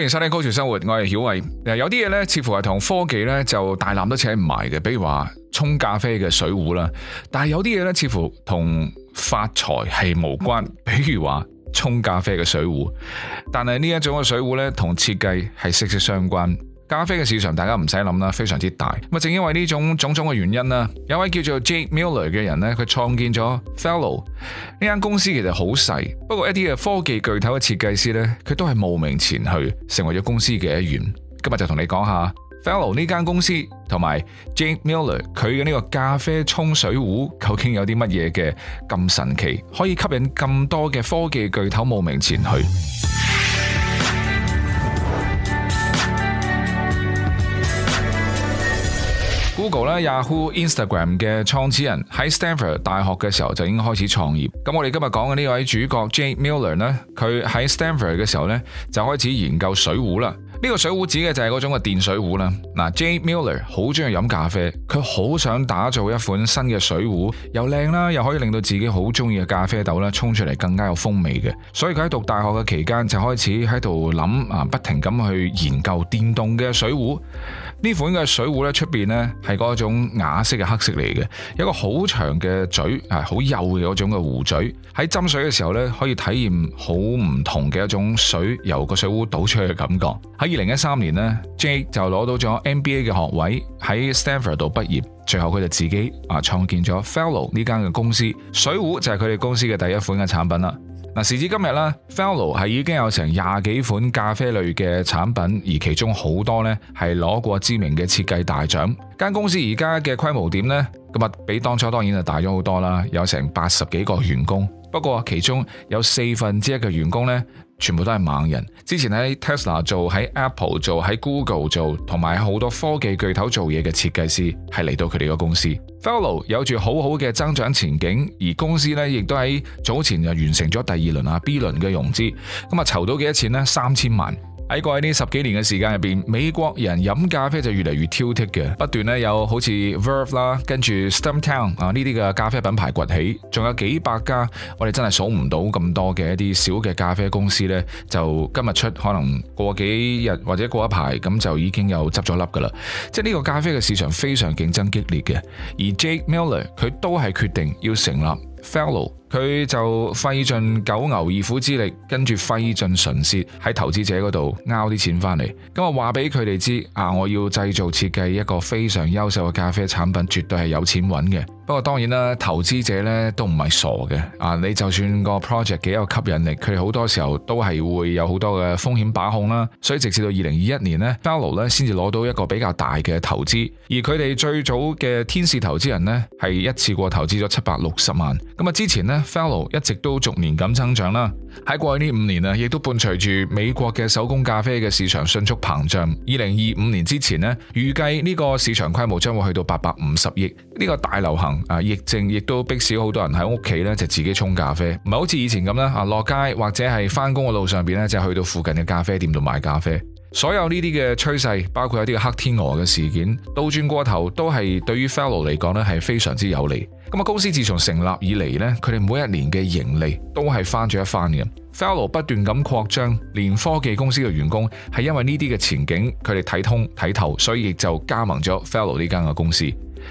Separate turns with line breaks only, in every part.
歡迎收聽高潮生活，我係曉偉。有啲嘢呢，似乎係同科技呢，就大纜，都扯唔埋嘅，比如話沖咖啡嘅水壺啦。但係有啲嘢呢，似乎同發財係無關，比如話沖咖啡嘅水壺。但係呢一種嘅水壺呢，同設計係息息相關。咖啡嘅市場大家唔使諗啦，非常之大。咁啊，正因為呢種種種嘅原因啦，有位叫做 Jake Miller 嘅人呢，佢創建咗 Fellow 呢間公司，其實好細。不過一啲嘅科技巨頭嘅設計師呢，佢都係慕名前去成為咗公司嘅一員。今日就同你講下 Fellow 呢間公司同埋 Jake Miller 佢嘅呢個咖啡沖水壺，究竟有啲乜嘢嘅咁神奇，可以吸引咁多嘅科技巨頭慕名前去？Google 咧、Yahoo、Instagram 嘅創始人喺 Stanford 大學嘅時候就已經開始創業。咁我哋今日講嘅呢位主角 Jay Miller 呢，佢喺 Stanford 嘅時候呢，就開始研究水壺啦。呢、呢個水壺指嘅就係嗰種嘅電水壺啦。嗱 Jay Miller 好中意飲咖啡，佢好想打造一款新嘅水壺，又靚啦，又可以令到自己好中意嘅咖啡豆咧沖出嚟更加有風味嘅。所以佢喺讀大學嘅期間就開始喺度諗啊，不停咁去研究電動嘅水壺。呢款嘅水壺咧，出邊呢係嗰種啞色嘅黑色嚟嘅，一個好長嘅嘴，啊好幼嘅嗰種嘅壺嘴，喺斟水嘅時候呢，可以體驗好唔同嘅一種水由個水壺倒出去嘅感覺。喺二零一三年呢，Jake 就攞到咗 MBA 嘅學位，喺 Stanford 度畢業，最後佢就自己啊創建咗 Fellow 呢間嘅公司，水壺就係佢哋公司嘅第一款嘅產品啦。嗱，時至今日啦，Fellow 係已經有成廿幾款咖啡類嘅產品，而其中好多呢係攞過知名嘅設計大獎。間公司而家嘅規模點呢？今日比當初當然就大咗好多啦，有成八十幾個員工。不過其中有四分之一嘅員工呢，全部都係猛人，之前喺 Tesla 做，喺 Apple 做，喺 Google 做，同埋好多科技巨頭做嘢嘅設計師係嚟到佢哋個公司。Fellow 有住好好嘅增長前景，而公司呢亦都喺早前就完成咗第二輪啊 B 輪嘅融資，咁啊籌到幾多錢呢？三千萬。喺過去呢十幾年嘅時間入邊，美國人飲咖啡就越嚟越挑剔嘅，不斷咧有好似 Verve 啦，跟住 Stumptown 啊呢啲嘅咖啡品牌崛起，仲有幾百家，我哋真係數唔到咁多嘅一啲小嘅咖啡公司呢，就今日出，可能過幾日或者過一排咁就已經有執咗笠噶啦，即係呢個咖啡嘅市場非常競爭激烈嘅，而 Jake Miller 佢都係決定要成立 Fellow。佢就費盡九牛二虎之力，跟住費盡唇舌喺投資者嗰度拗啲錢翻嚟。咁啊話俾佢哋知啊，我要製造設計一個非常優秀嘅咖啡產品，絕對係有錢揾嘅。不過當然啦，投資者咧都唔係傻嘅啊！你就算個 project 幾有吸引力，佢哋好多時候都係會有好多嘅風險把控啦。所以直至到二零二一年 呢，Fellow 先至攞到一個比較大嘅投資。而佢哋最早嘅天使投資人呢，係一次過投資咗七百六十萬。咁啊，之前呢。Fellow 一直都逐年咁增長啦，喺過去呢五年啊，亦都伴隨住美國嘅手工咖啡嘅市場迅速膨脹。二零二五年之前呢，預計呢個市場規模將會去到八百五十億。呢個大流行啊，疫症亦都逼少好多人喺屋企呢，就自己沖咖啡，唔係好似以前咁啦啊，落街或者係翻工嘅路上邊呢，就去到附近嘅咖啡店度買咖啡。所有呢啲嘅趨勢，包括一啲嘅黑天鵝嘅事件，倒轉過頭都係對於 Fellow 嚟講呢，係非常之有利。公司自從成立以嚟咧，佢哋每一年嘅盈利都係翻咗一番嘅。Fellow 不斷咁擴張，連科技公司嘅員工係因為呢啲嘅前景，佢哋睇通睇透，所以亦就加盟咗 Fellow 呢間嘅公司。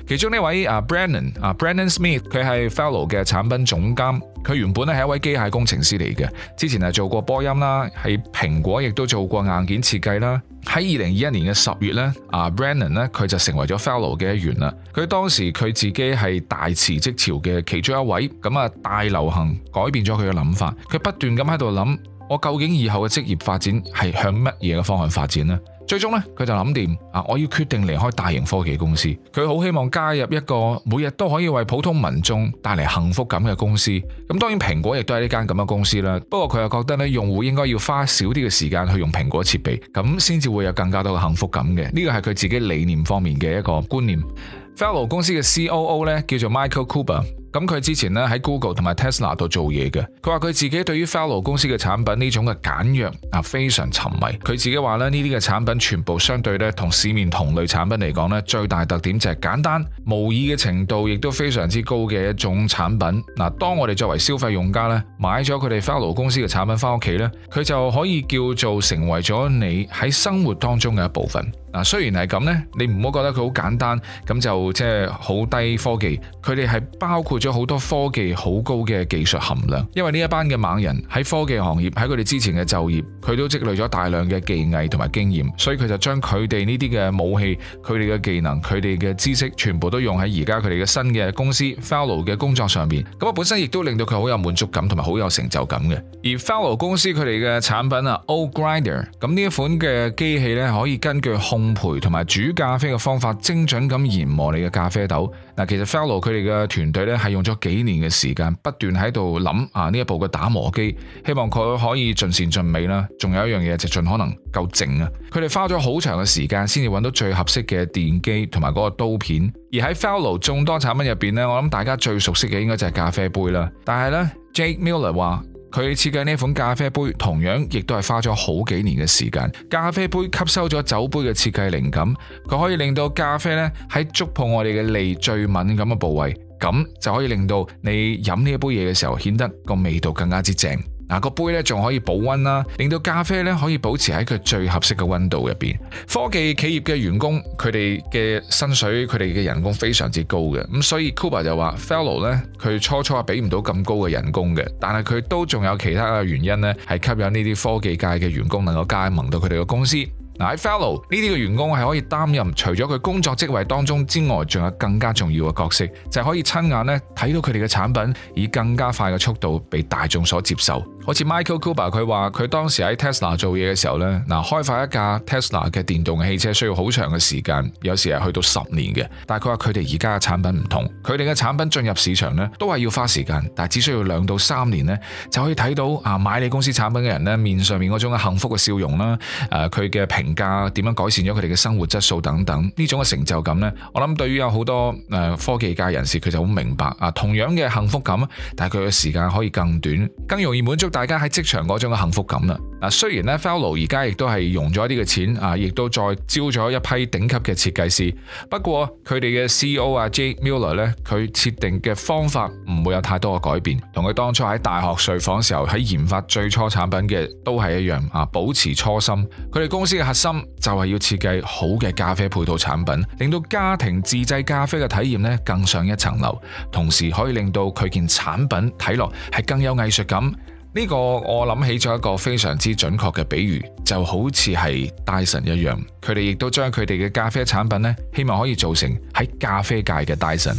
其中呢位啊，Brennan 啊，Brennan Smith，佢係 Fellow 嘅產品總監。佢原本咧係一位機械工程師嚟嘅，之前係做過波音啦，係蘋果亦都做過硬件設計啦。喺二零二一年嘅十月咧，啊 Brennan 咧佢就成為咗 Fellow 嘅一員啦。佢當時佢自己係大辭職潮嘅其中一位，咁啊大流行改變咗佢嘅諗法。佢不斷咁喺度諗，「我究竟以後嘅職業發展係向乜嘢嘅方向發展呢？」最終呢，佢就諗掂啊！我要決定離開大型科技公司，佢好希望加入一個每日都可以為普通民眾帶嚟幸福感嘅公司。咁當然，蘋果亦都係呢間咁嘅公司啦。不過佢又覺得呢，用戶應該要花少啲嘅時間去用蘋果設備，咁先至會有更加多嘅幸福感嘅。呢個係佢自己理念方面嘅一個觀念。 Fellow 公司嘅 COO 呢叫做 Michael Cooper。咁佢之前咧喺 Google 同埋 Tesla 度做嘢嘅，佢話佢自己對於 Fellow 公司嘅產品呢種嘅簡約啊非常沉迷。佢自己話咧，呢啲嘅產品全部相對咧同市面同類產品嚟講咧，最大特點就係簡單，模擬嘅程度亦都非常之高嘅一種產品。嗱，當我哋作為消費用家咧買咗佢哋 Fellow 公司嘅產品返屋企咧，佢就可以叫做成為咗你喺生活當中嘅一部分。嗱，雖然係咁咧，你唔好覺得佢好簡單，咁就即係好低科技。佢哋係包括咗好多科技好高嘅技術含量。因為呢一班嘅猛人喺科技行業，喺佢哋之前嘅就業，佢都積累咗大量嘅技藝同埋經驗，所以佢就將佢哋呢啲嘅武器、佢哋嘅技能、佢哋嘅知識，全部都用喺而家佢哋嘅新嘅公司 Fellow 嘅 工作上面。咁啊，本身亦都令到佢好有滿足感同埋好有成就感嘅。而 Fellow 公司佢哋嘅產品啊，Ode Grinder，咁呢一款嘅機器呢，可以根據控烘焙同埋煮咖啡嘅方法，精準咁研磨你嘅咖啡豆。嗱，其實 Fellow 佢哋嘅團隊咧係用咗幾年嘅時間，不斷喺度諗啊呢一部嘅打磨機，希望佢可以盡善盡美啦。仲有一樣嘢就盡可能夠靜啊。佢哋花咗好長嘅時間，先至揾到最合適嘅電機同埋嗰個刀片。而喺 Fellow 眾多產品入邊呢，我諗大家最熟悉嘅應該就係咖啡杯啦。但係呢，Jake Miller 話。佢設計呢款咖啡杯，同樣亦都係花咗好幾年嘅時間。咖啡杯吸收咗酒杯嘅設計靈感，佢可以令到咖啡咧喺觸碰我哋嘅脷最敏感嘅部位，咁就可以令到你飲呢一杯嘢嘅時候，顯得個味道更加之正。嗱，個杯咧仲可以保溫啦，令到咖啡咧可以保持喺佢最合適嘅溫度入邊。科技企業嘅員工，佢哋嘅薪水，佢哋嘅人工非常之高嘅。咁所以 Cooper 就話，Fellow 咧，佢初初啊俾唔到咁高嘅人工嘅，但係佢都仲有其他嘅原因咧，係吸引呢啲科技界嘅員工能夠加盟到佢哋嘅公司。嗱喺 Fellow 呢啲嘅員工係可以擔任除咗佢工作職位當中之外，仲有更加重要嘅角色，就係可以親眼咧睇到佢哋嘅產品以更加快嘅速度被大眾所接受。好似 Michael Cooper 佢話佢當時喺 Tesla 做嘢嘅時候呢，嗱，開發一架 Tesla 嘅電動汽車需要好長嘅時間，有時係去到十年嘅。但係佢話佢哋而家嘅產品唔同，佢哋嘅產品進入市場咧都係要花時間，但係只需要兩到三年咧就可以睇到啊，買你公司產品嘅人咧面上面嗰種嘅幸福嘅笑容啦，誒佢嘅評價點樣改善咗佢哋嘅生活質素等等呢種嘅成就感咧，我諗對於有好多誒科技界人士佢就好明白啊，同樣嘅幸福感，但係佢嘅時間可以更短，更容易滿足。大家喺職場嗰種嘅幸福感啦。嗱，雖然呢 Fellow 而家亦都係用咗一啲嘅錢，啊，亦都再招咗一批頂級嘅設計師。不過佢哋嘅 CEO 啊，Jay Miller 呢，佢設定嘅方法唔會有太多嘅改變，同佢當初喺大學睡房時候喺研發最初產品嘅都係一樣啊，保持初心。佢哋公司嘅核心就係要設計好嘅咖啡配套產品，令到家庭自製咖啡嘅體驗呢更上一層樓，同時可以令到佢件產品睇落係更有藝術感。呢個我諗起咗一個非常之準確嘅比喻，就好似係 Dyson 一樣，佢哋亦都將佢哋嘅咖啡產品呢，希望可以做成喺咖啡界嘅 Dyson。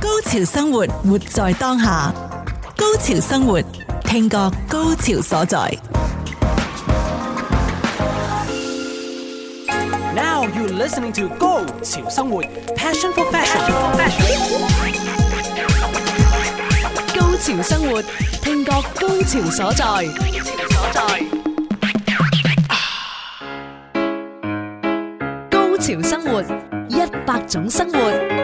高潮生活，活在當下。高潮生活，聽覺高潮所在。Now you listening to 高潮生活，Passion for Fashion。高潮生活，聽覺高潮所在。高潮所在。高潮生活，一百種生活。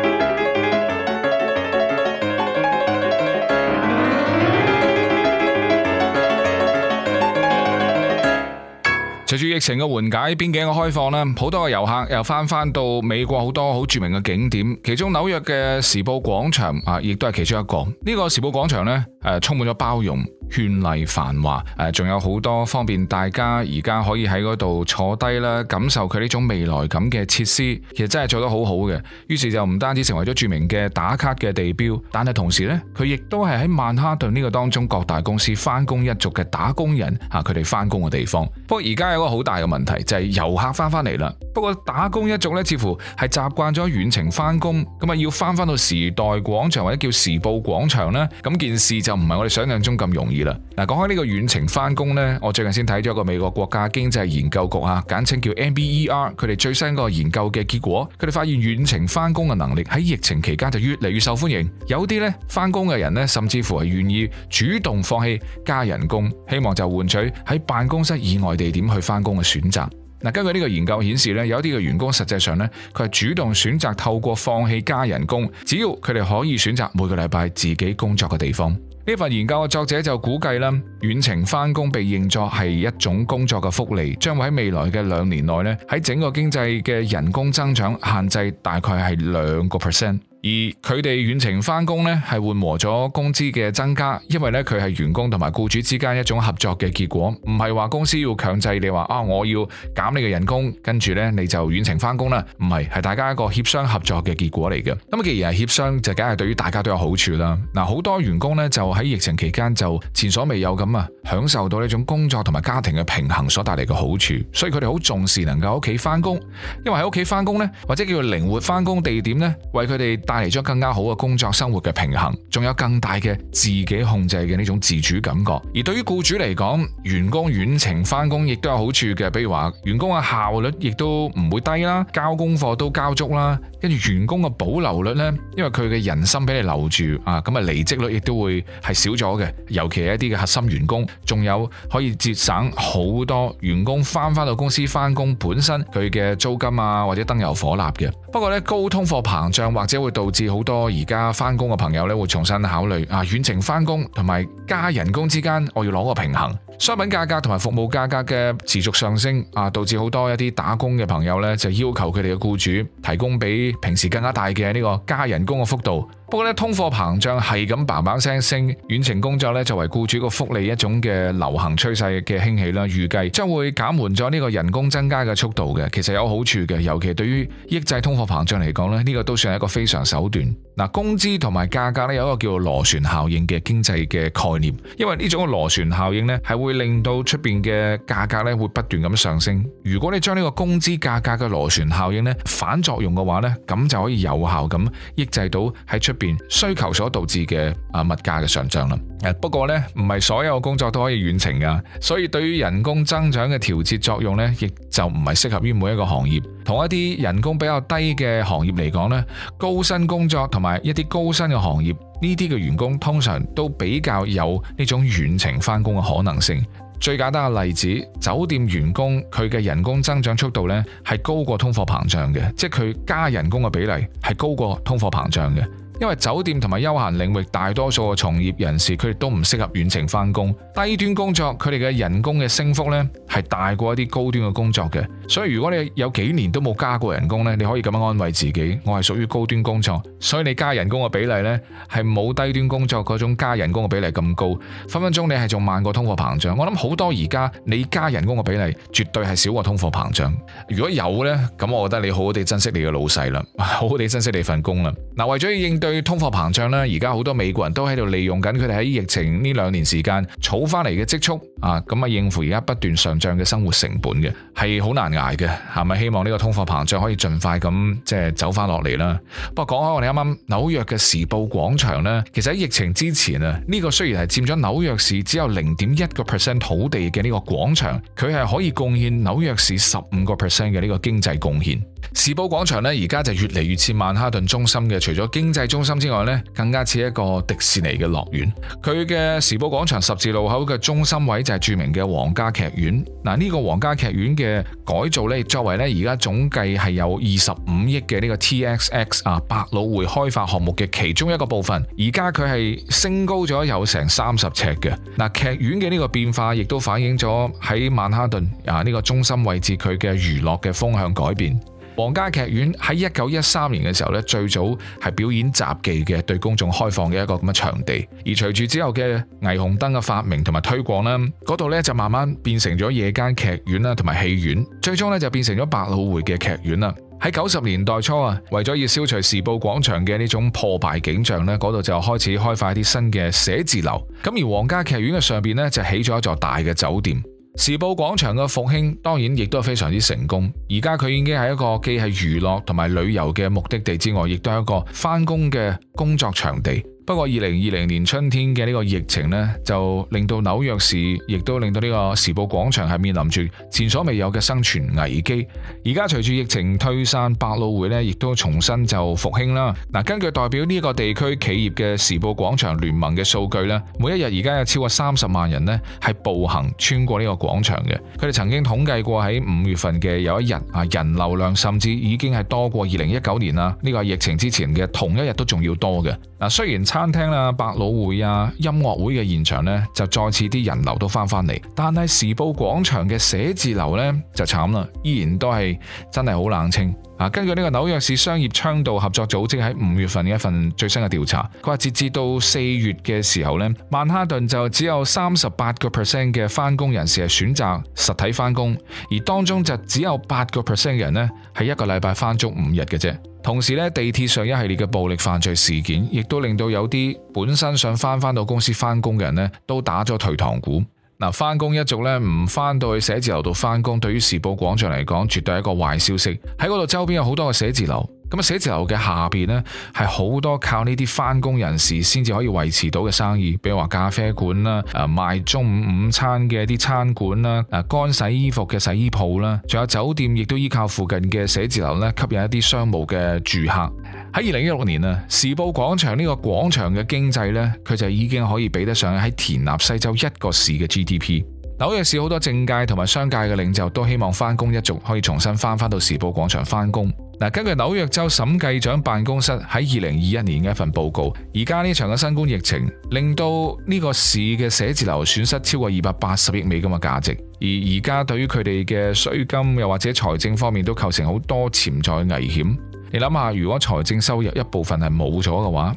隨住疫情嘅緩解，邊境嘅開放咧，好多嘅遊客又翻翻到美國好多好著名嘅景點，其中紐約嘅時報廣場啊，亦都係其中一個。呢、這個時報廣場呢，啊、充滿咗包容。絢麗繁華，誒、啊，仲有好多方便大家而家可以喺嗰度坐低啦，感受佢呢種未來感嘅設施，其實真係做得好好嘅。於是就唔單止成為咗著名嘅打卡嘅地標，但係同時呢，佢亦都係喺曼哈頓呢個當中各大公司翻工一族嘅打工人，吓佢哋翻工嘅地方。不過而家有個好大嘅問題，就係、是、遊客翻翻嚟啦，不過打工一族呢，似乎係習慣咗遠程翻工，咁啊要翻翻到時代廣場或者叫時報廣場呢？咁件事就唔係我哋想象中咁容易。啦嗱，講開呢個遠程翻工呢，我最近先睇咗一個美國國家經濟研究局啊，簡稱叫 NBER，佢哋最新嗰個研究嘅結果，佢哋發現遠程翻工嘅能力喺疫情期間就越嚟越受歡迎。有啲呢翻工嘅人呢，人甚至乎係願意主動放棄加人工，希望就換取喺辦公室以外地點去翻工嘅選擇。嗱，根據呢個研究顯示呢，有啲嘅員工實際上呢，佢係主動選擇透過放棄加人工，只要佢哋可以選擇每個禮拜自己工作嘅地方。呢份研究嘅作者就估計啦，遠程返工被認作係一種工作嘅福利，將會喺未來嘅兩年內咧，喺整個經濟嘅人工增長限制大概係兩個 percent。而佢哋遠程翻工呢，係緩和咗工資嘅增加，因為呢，佢係員工同埋雇主之間一種合作嘅結果，唔係話公司要強制你話啊、哦，我要減你嘅人工，跟住呢，你就遠程翻工啦，唔係，係大家一個協商合作嘅結果嚟嘅。咁既然係協商，就梗係對於大家都有好處啦。嗱，好多員工呢，就喺疫情期間就前所未有咁啊，享受到呢種工作同埋家庭嘅平衡所帶嚟嘅好處，所以佢哋好重視能夠喺屋企翻工，因為喺屋企翻工呢，或者叫靈活翻工地點呢，為佢哋帶。帶嚟咗更加好嘅工作生活嘅平衡，仲有更大嘅自己控制嘅呢種自主感覺。而對於僱主嚟講，員工遠程翻工亦都有好處嘅，比如話員工嘅效率亦都唔會低啦，交功課都交足啦。跟住員工嘅保留率呢，因為佢嘅人心俾你留住啊，咁啊離職率亦都會係少咗嘅。尤其係一啲嘅核心員工，仲有可以節省好多員工翻翻到公司翻工本身佢嘅租金啊，或者燈油火蠟嘅。不過呢，高通貨膨脹或者會導致好多而家翻工嘅朋友呢，會重新考慮啊，遠程翻工同埋加人工之間，我要攞個平衡。商品價格同埋服務價格嘅持續上升啊，導致好多一啲打工嘅朋友呢，就要求佢哋嘅僱主提供俾。平時更加大嘅呢個加人工嘅幅度。不過咧，通貨膨脹係咁嘭嘭聲升，遠程工作咧作為僱主個福利一種嘅流行趨勢嘅興起咧，預計將會減緩咗呢個人工增加嘅速度嘅。其實有好處嘅，尤其對於抑制通貨膨脹嚟講咧，呢、這個都算係一個非常手段。嗱，工資同埋價格咧有一個叫做螺旋效應嘅經濟嘅概念，因為呢種螺旋效應咧係會令到出邊嘅價格咧會不斷咁上升。如果你將呢個工資價格嘅螺旋效應咧反作用嘅話呢，咁就可以有效咁抑制到喺出。邊需求所導致嘅啊物價嘅上漲啦。不過呢，唔係所有工作都可以遠程噶，所以對於人工增長嘅調節作用呢，亦就唔係適合於每一個行業。同一啲人工比較低嘅行業嚟講呢，高薪工作同埋一啲高薪嘅行業，呢啲嘅員工通常都比較有呢種遠程翻工嘅可能性。最簡單嘅例子，酒店員工佢嘅人工增長速度呢係高過通貨膨脹嘅，即係佢加人工嘅比例係高過通貨膨脹嘅。因為酒店同埋休閒領域大多數嘅從業人士，佢哋都唔適合遠程翻工。低端工作佢哋嘅人工嘅升幅呢係大過一啲高端嘅工作嘅。所以如果你有幾年都冇加過人工呢，你可以咁樣安慰自己：我係屬於高端工作，所以你加人工嘅比例呢係冇低端工作嗰種加人工嘅比例咁高。分分鐘你係仲慢過通貨膨脹。我諗好多而家你加人工嘅比例絕對係少過通貨膨脹。如果有呢咁我覺得你好好地珍惜你嘅老細啦，好好地珍惜你份工啦。嗱， 為咗要應對。對通貨膨脹呢，而家好多美國人都喺度利用緊佢哋喺疫情呢兩年時間儲翻嚟嘅積蓄啊，咁啊應付而家不斷上漲嘅生活成本嘅，係好難挨嘅，係咪？希望呢個通貨膨脹可以盡快咁即係走翻落嚟啦。不過講開我哋啱啱紐約嘅時報廣場呢，其實喺疫情之前啊，呢個雖然係佔咗紐約市只有零點一個 percent 土地嘅呢個廣場，佢係可以貢獻紐約市十五個 percent 嘅呢個經濟貢獻。時報廣場呢，而家就越嚟越似曼哈頓中心嘅，除咗經濟中中心之外呢，更加似一個迪士尼嘅樂園。佢嘅時報廣場十字路口嘅中心位就係著名嘅皇家劇院。嗱，呢個皇家劇院嘅改造呢，作為呢而家總計係有二十五億嘅呢個 TXX 啊百老匯開發項目嘅其中一個部分。而家佢係升高咗有成三十尺嘅。嗱、啊，劇院嘅呢個變化亦都反映咗喺曼哈頓啊呢、這個中心位置佢嘅娛樂嘅風向改變。皇家劇院喺一九一三年嘅時候咧，最早係表演雜技嘅，對公眾開放嘅一個咁嘅場地。而隨住之後嘅霓虹燈嘅發明同埋推廣咧，嗰度咧就慢慢變成咗夜間劇院啦，同埋戲院。最終咧就變成咗百老匯嘅劇院啦。喺九十年代初啊，為咗要消除時報廣場嘅呢種破敗景象咧，嗰度就開始開發一啲新嘅寫字樓。咁而皇家劇院嘅上邊咧就起咗一座大嘅酒店。時報廣場嘅復興當然亦都非常之成功，而家佢已經係一個既係娛樂同埋旅遊嘅目的地之外，亦都係一個返工嘅工作場地。不過，二零二零年春天嘅呢個疫情呢，就令到紐約市亦都令到呢個時報廣場係面臨住前所未有嘅生存危機。而家隨住疫情推散，百老匯呢亦都重新就復興啦。嗱，根據代表呢個地區企業嘅時報廣場聯盟嘅數據呢，每一日而家有超過三十萬人呢係步行穿過呢個廣場嘅。佢哋曾經統計過喺五月份嘅有一日啊，人流量甚至已經係多過二零一九年啊，呢個係疫情之前嘅同一日都仲要多嘅。嗱，雖然餐廳啦、啊、百老匯啊、音樂會嘅現場呢，就再次啲人流都翻返嚟，但係時報廣場嘅寫字樓呢就慘啦，依然都係真係好冷清。根據呢個紐約市商業倡導合作組織喺五月份嘅一份最新嘅調查，佢話截至到四月嘅時候咧，曼哈頓就只有三十八個 percent 嘅翻工人士係選擇實體翻工，而當中就只有八個 percent 嘅人咧係一個禮拜翻足五日嘅啫。同時咧，地鐵上一系列嘅暴力犯罪事件，亦都令到有啲本身想翻翻到公司翻工嘅人咧，都打咗退堂鼓。嗱，翻工一族咧唔翻到去寫字樓度翻工，對於時報廣場嚟講，絕對係一個壞消息。喺嗰度周邊有好多嘅寫字樓，咁啊寫字樓嘅下邊呢，係好多靠呢啲翻工人士先至可以維持到嘅生意，比如話咖啡館啦，誒，賣中午午餐嘅一啲餐館啦，嗱，乾洗衣服嘅洗衣鋪啦，仲有酒店亦都依靠附近嘅寫字樓呢，吸引一啲商務嘅住客。喺二零一六年啊，時報廣場呢個廣場嘅經濟呢，佢就已經可以比得上喺田納西州一個市嘅 GDP。紐約市好多政界同埋商界嘅領袖都希望翻工一族可以重新翻翻到時報廣場翻工。嗱，根據紐約州審計長辦公室喺二零二一年嘅一份報告，而家呢場嘅新冠疫情令到呢個市嘅寫字樓損失超過二百八十億美金嘅價值，而而家對於佢哋嘅稅金又或者財政方面都構成好多潛在嘅危險。你諗下，如果財政收入一部分係冇咗嘅話，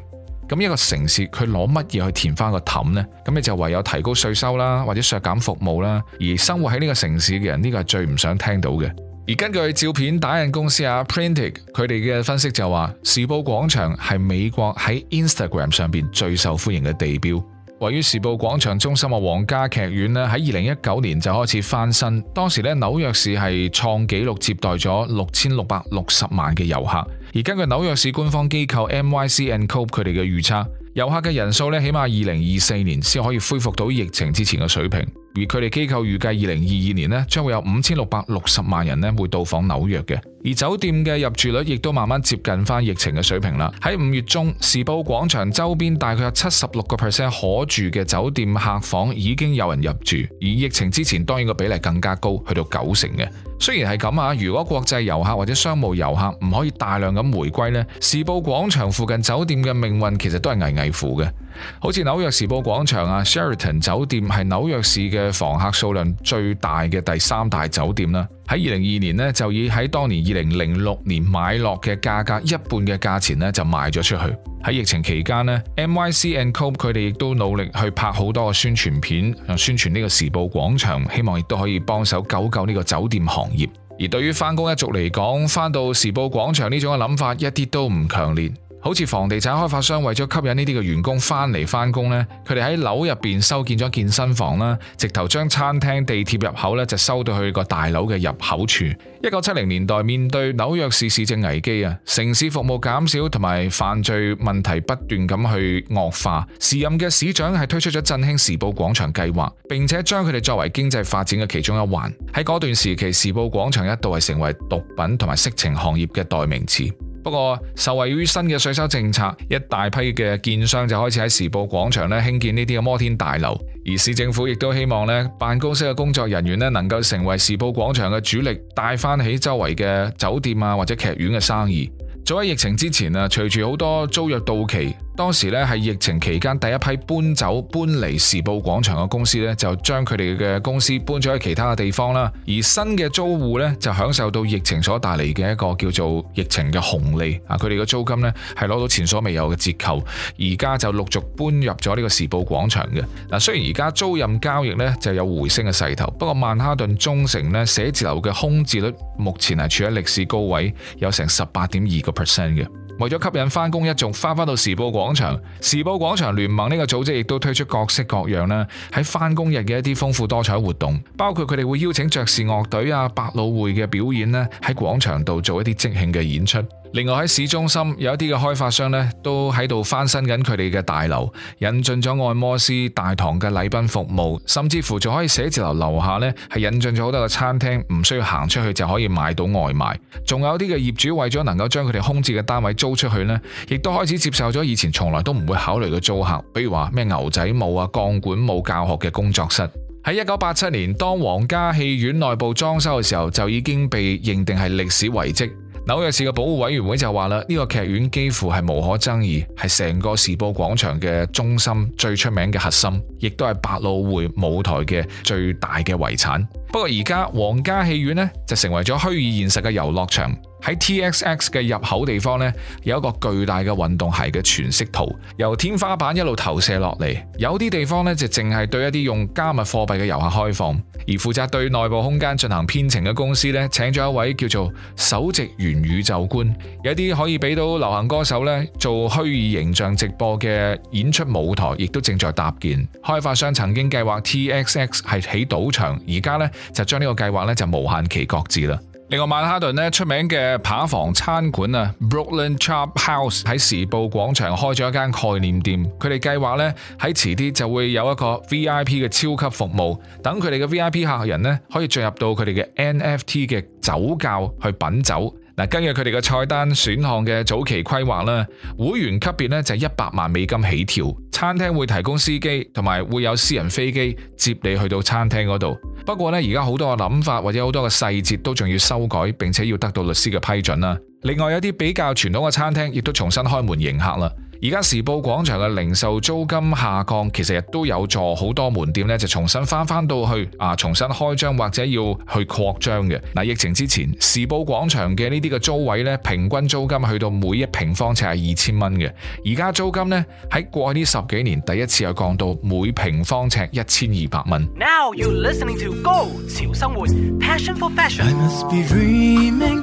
咁一個城市佢攞乜嘢去填翻個凼呢？咁你就唯有提高稅收啦，或者削減服務啦。而生活喺呢個城市嘅人，呢個係最唔想聽到嘅。而根據照片打印公司啊 Print 佢哋嘅分析就話，時報廣場係美國喺 Instagram 上邊最受歡迎嘅地標。位於時報廣場中心嘅皇家劇院咧，喺二零一九年就開始翻新。當時咧紐約市係創紀錄接待咗六千六百六十萬嘅遊客。而根據紐約市官方機構 NYC and Co. 佢哋嘅預測，遊客嘅人數咧，起碼二零二四年先可以恢復到疫情之前嘅水平。而佢哋機構預計二零二二年咧，將會有五千六百六十萬人咧會到訪紐約嘅。而酒店嘅入住率亦都慢慢接近翻疫情嘅水平啦。喺五月中，時報廣場周邊大概有七十六個 percent 可住嘅酒店客房已經有人入住，而疫情之前當然個比例更加高，去到九成嘅。雖然係咁啊，如果國際遊客或者商務遊客唔可以大量咁回歸呢，時報廣場附近酒店嘅命運其實都係危危乎嘅。好似紐約時報廣場啊，Sheraton 酒店係紐約市嘅房客數量最大嘅第三大酒店啦。喺二零二年呢，就以喺當年二零零六年買落嘅價格一半嘅價錢呢，就賣咗出去。喺疫情期間呢，MYC and Co 佢哋亦都努力去拍好多嘅宣傳片，用宣傳呢個時報廣場，希望亦都可以幫手救救呢個酒店行業。而對於返工一族嚟講，返到時報廣場呢種嘅諗法，一啲都唔強烈。好似房地產開發商為咗吸引呢啲嘅員工返嚟返工呢，佢哋喺樓入邊修建咗健身房啦，直頭將餐廳、地鐵入口呢就收到去個大樓嘅入口處。一九七零年代，面對紐約市市政危機啊，城市服務減少同埋犯罪問題不斷咁去惡化，時任嘅市長係推出咗振興時報廣場計劃，並且將佢哋作為經濟發展嘅其中一環。喺嗰段時期，時報廣場一度係成為毒品同埋色情行業嘅代名詞。不過，受惠於新嘅稅收政策，一大批嘅建商就開始喺時報廣場呢興建呢啲嘅摩天大樓，而市政府亦都希望呢辦公室嘅工作人員呢，能夠成為時報廣場嘅主力，帶翻起周圍嘅酒店啊或者劇院嘅生意。早喺疫情之前啊，隨住好多租約到期。當時咧係疫情期間第一批搬走搬離時報廣場嘅公司咧，就將佢哋嘅公司搬咗去其他嘅地方啦。而新嘅租戶咧就享受到疫情所帶嚟嘅一個叫做疫情嘅紅利啊！佢哋嘅租金呢，係攞到前所未有嘅折扣。而家就陸續搬入咗呢個時報廣場嘅嗱。雖然而家租賃交易呢就有回升嘅勢頭，不過曼哈頓中城呢寫字樓嘅空置率目前係處喺歷史高位有，有成十八點二個 percent 嘅。為咗吸引返工一族返返到時報廣場，時報廣場聯盟呢個組織亦都推出各式各樣啦，喺返工日嘅一啲豐富多彩活動，包括佢哋會邀請爵士樂隊啊、百老匯嘅表演呢喺廣場度做一啲即興嘅演出。另外喺市中心有一啲嘅開發商呢，都喺度翻新緊佢哋嘅大樓，引進咗按摩師、大堂嘅禮賓服務，甚至乎仲可以寫字樓樓下呢，係引進咗好多嘅餐廳，唔需要行出去就可以買到外賣。仲有啲嘅業主為咗能夠將佢哋空置嘅單位租出去呢，亦都開始接受咗以前從來都唔會考慮嘅租客，比如話咩牛仔舞啊、鋼管舞教學嘅工作室。喺一九八七年，當皇家戲院內部裝修嘅時候就已經被認定係歷史遺跡。紐約市嘅保護委員會就話啦，呢個劇院幾乎係無可爭議，係成個時報廣場嘅中心、最出名嘅核心，亦都係百老匯舞台嘅最大嘅遺產。不過而家皇家戲院呢，就成為咗虛擬現實嘅遊樂場。喺 TXX 嘅入口地方呢，有一個巨大嘅運動鞋嘅全息圖，由天花板一路投射落嚟。有啲地方呢，就淨係對一啲用加密貨幣嘅遊客開放。而負責對內部空間進行編程嘅公司呢，請咗一位叫做首席元宇宙官。有啲可以俾到流行歌手呢做虛擬形象直播嘅演出舞台，亦都正在搭建。開發商曾經計劃 TXX 係起賭場，而家呢，就將呢個計劃呢，就無限期擱置啦。另外，曼哈頓呢，出名嘅扒房餐館啊，Brooklyn Chop House 喺時報廣場開咗一間概念店，佢哋計劃呢，喺遲啲就會有一個 VIP 嘅超級服務，等佢哋嘅 VIP 客人呢，可以進入到佢哋嘅 NFT 嘅酒窖去品酒。根據佢哋嘅菜單選項嘅早期規劃啦，會員級別咧就係一百萬美金起跳，餐廳會提供司機，同埋會有私人飛機接你去到餐廳嗰度。不過咧，而家好多嘅諗法或者好多嘅細節都仲要修改，並且要得到律師嘅批准啦。另外有啲比較傳統嘅餐廳亦都重新開門迎客啦。而家時報廣場嘅零售租金下降，其實亦都有助好多門店咧，就重新返返到去啊，重新開張或者要去擴張嘅。嗱，疫情之前時報廣場嘅呢啲嘅租位咧，平均租金去到每一平方尺係二千蚊嘅，而家租金咧喺過去呢十幾年第一次有降到每平方尺一千二百蚊。Now listening，passion fashion。you listening to go for 潮生活 Passion for fashion. I must be dreaming